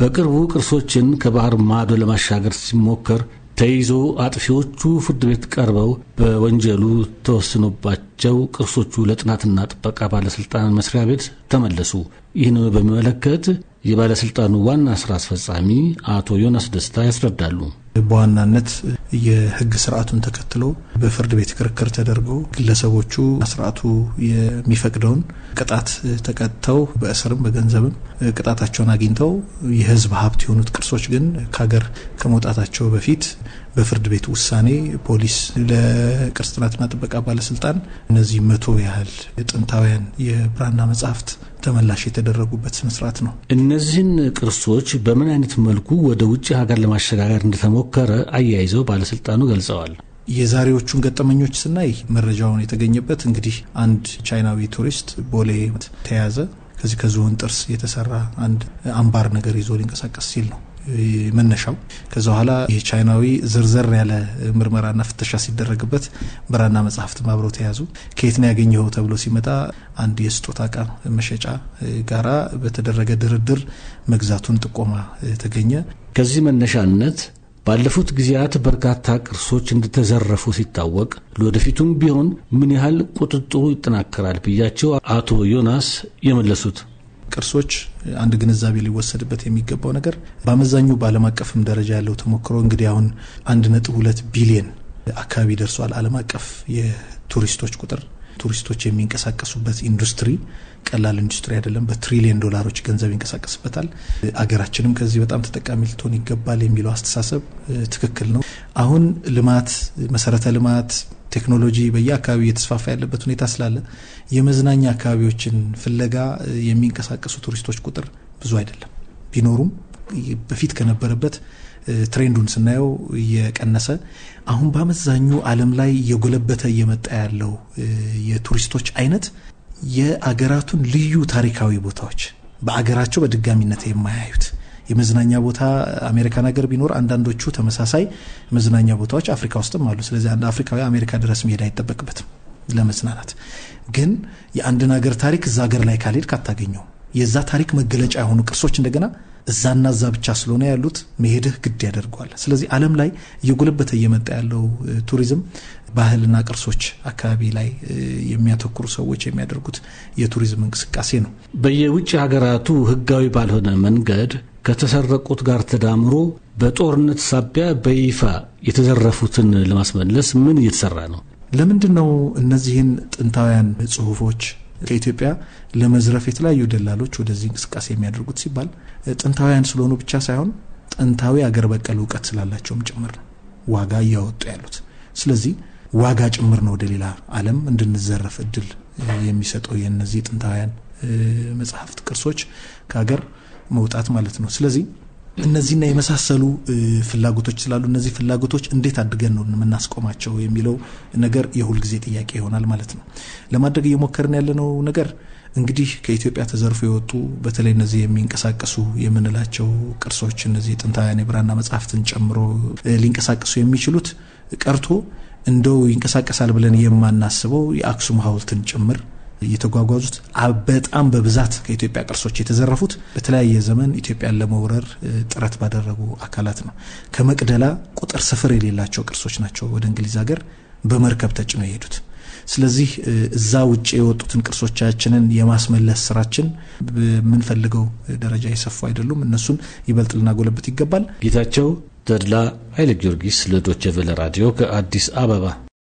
በቅርቡ ቅርሶችን ከባህር ማዶ ለማሻገር ሲሞከር ተይዞ አጥፊዎቹ ፍርድ ቤት ቀርበው በወንጀሉ ተወስኖባቸው ቅርሶቹ ለጥናትና ጥበቃ ባለሥልጣን መስሪያ ቤት ተመለሱ። ይህን በሚመለከት የባለስልጣኑ ዋና ስራ አስፈጻሚ አቶ ዮናስ ደስታ ያስረዳሉ። በዋናነት የህግ ስርዓቱን ተከትሎ በፍርድ ቤት ክርክር ተደርጎ ግለሰቦቹ ስርዓቱ የሚፈቅደውን ቅጣት ተቀጥተው በእስርም በገንዘብም ቅጣታቸውን አግኝተው የህዝብ ሀብት የሆኑት ቅርሶች ግን ከሀገር ከመውጣታቸው በፊት በፍርድ ቤት ውሳኔ ፖሊስ ለቅርስ ጥናትና ጥበቃ ባለስልጣን እነዚህ መቶ ያህል ጥንታውያን የብራና መጽሐፍት ተመላሽ የተደረጉበት ስነስርዓት ነው። እነዚህን ቅርሶች በምን አይነት መልኩ ወደ ውጭ ሀገር ለማሸጋገር እንደተሞከረ አያይዘው ባለስልጣኑ ገልጸዋል። የዛሬዎቹን ገጠመኞች ስናይ መረጃውን የተገኘበት እንግዲህ አንድ ቻይናዊ ቱሪስት ቦሌ ተያዘ። ከዚህ ከዝሆን ጥርስ የተሰራ አንድ አምባር ነገር ይዞ ሊንቀሳቀስ ሲል ነው። መነሻው። ከዛ በኋላ ይህ ቻይናዊ ዝርዝር ያለ ምርመራና ፍተሻ ሲደረግበት ብራና መጽሐፍትም አብረው ተያዙ። ከየት ነው ያገኘኸው ተብሎ ሲመጣ አንድ የስጦታ እቃ መሸጫ ጋራ በተደረገ ድርድር መግዛቱን ጥቆማ ተገኘ። ከዚህ መነሻነት ባለፉት ጊዜያት በርካታ ቅርሶች እንደተዘረፉ ሲታወቅ ለወደፊቱም ቢሆን ምን ያህል ቁጥጥሩ ይጠናከራል ብያቸው አቶ ዮናስ የመለሱት ቅርሶች አንድ ግንዛቤ ሊወሰድበት የሚገባው ነገር በአመዛኙ በዓለም አቀፍም ደረጃ ያለው ተሞክሮ እንግዲህ አሁን አንድ ነጥብ ሁለት ቢሊየን አካባቢ ደርሷል። ዓለም አቀፍ የቱሪስቶች ቁጥር ቱሪስቶች የሚንቀሳቀሱበት ኢንዱስትሪ ቀላል ኢንዱስትሪ አይደለም። በትሪሊየን ዶላሮች ገንዘብ ይንቀሳቀስበታል። አገራችንም ከዚህ በጣም ተጠቃሚ ልትሆን ይገባል የሚለው አስተሳሰብ ትክክል ነው። አሁን ልማት፣ መሰረተ ልማት፣ ቴክኖሎጂ በየአካባቢ እየተስፋፋ ያለበት ሁኔታ ስላለ የመዝናኛ አካባቢዎችን ፍለጋ የሚንቀሳቀሱ ቱሪስቶች ቁጥር ብዙ አይደለም። ቢኖሩም በፊት ከነበረበት ትሬንዱን ስናየው እየቀነሰ አሁን በአመዛኙ ዓለም ላይ እየጎለበተ እየመጣ ያለው የቱሪስቶች አይነት የአገራቱን ልዩ ታሪካዊ ቦታዎች በአገራቸው በድጋሚነት የማያዩት የመዝናኛ ቦታ አሜሪካን ሀገር ቢኖር አንዳንዶቹ ተመሳሳይ መዝናኛ ቦታዎች አፍሪካ ውስጥም አሉ። ስለዚህ አንድ አፍሪካዊ አሜሪካ ድረስ መሄድ አይጠበቅበትም ለመዝናናት። ግን የአንድን ሀገር ታሪክ እዛ ሀገር ላይ ካልሄድ ካታገኘው። የዛ ታሪክ መገለጫ የሆኑ ቅርሶች እንደገና እዛና እዛ ብቻ ስለሆነ ያሉት መሄድህ ግድ ያደርገዋል። ስለዚህ ዓለም ላይ እየጎለበተ እየመጣ ያለው ቱሪዝም ባህልና ቅርሶች አካባቢ ላይ የሚያተኩሩ ሰዎች የሚያደርጉት የቱሪዝም እንቅስቃሴ ነው። በየውጭ ሀገራቱ ህጋዊ ባልሆነ መንገድ ከተሰረቁት ጋር ተዳምሮ በጦርነት ሳቢያ በይፋ የተዘረፉትን ለማስመለስ ምን እየተሰራ ነው? ለምንድን ነው እነዚህን ጥንታውያን ጽሁፎች ከኢትዮጵያ ለመዝረፍ የተለያዩ ደላሎች ወደዚህ እንቅስቃሴ የሚያደርጉት ሲባል ጥንታውያን ስለሆኑ ብቻ ሳይሆን ጥንታዊ አገር በቀል እውቀት ስላላቸውም ጭምር ነው ዋጋ እያወጡ ያሉት። ስለዚህ ዋጋ ጭምር ነው ወደ ሌላ ዓለም እንድንዘረፍ እድል የሚሰጠው የእነዚህ ጥንታውያን መጽሐፍት ቅርሶች ከሀገር መውጣት ማለት ነው። ስለዚህ እነዚህና የመሳሰሉ ፍላጎቶች ስላሉ እነዚህ ፍላጎቶች እንዴት አድርገን ነው የምናስቆማቸው የሚለው ነገር የሁልጊዜ ጥያቄ ይሆናል ማለት ነው። ለማድረግ እየሞከርን ያለነው ነገር እንግዲህ ከኢትዮጵያ ተዘርፎ የወጡ በተለይ እነዚህ የሚንቀሳቀሱ የምንላቸው ቅርሶች እነዚህ ጥንታውያን የብራና መጽሐፍትን ጨምሮ ሊንቀሳቀሱ የሚችሉት ቀርቶ እንደው ይንቀሳቀሳል ብለን የማናስበው የአክሱም ሐውልትን ጭምር የተጓጓዙት በጣም በብዛት ከኢትዮጵያ ቅርሶች የተዘረፉት በተለያየ ዘመን ኢትዮጵያን ለመውረር ጥረት ባደረጉ አካላት ነው። ከመቅደላ ቁጥር ስፍር የሌላቸው ቅርሶች ናቸው ወደ እንግሊዝ ሀገር በመርከብ ተጭኖ የሄዱት። ስለዚህ እዛ ውጭ የወጡትን ቅርሶቻችንን የማስመለስ ስራችን በምንፈልገው ደረጃ የሰፉ አይደሉም። እነሱን ይበልጥ ልናጎለበት ይገባል። ጌታቸው ተድላ ኃይለ ጊዮርጊስ ለዶቸ ቬለ ራዲዮ ከአዲስ አበባ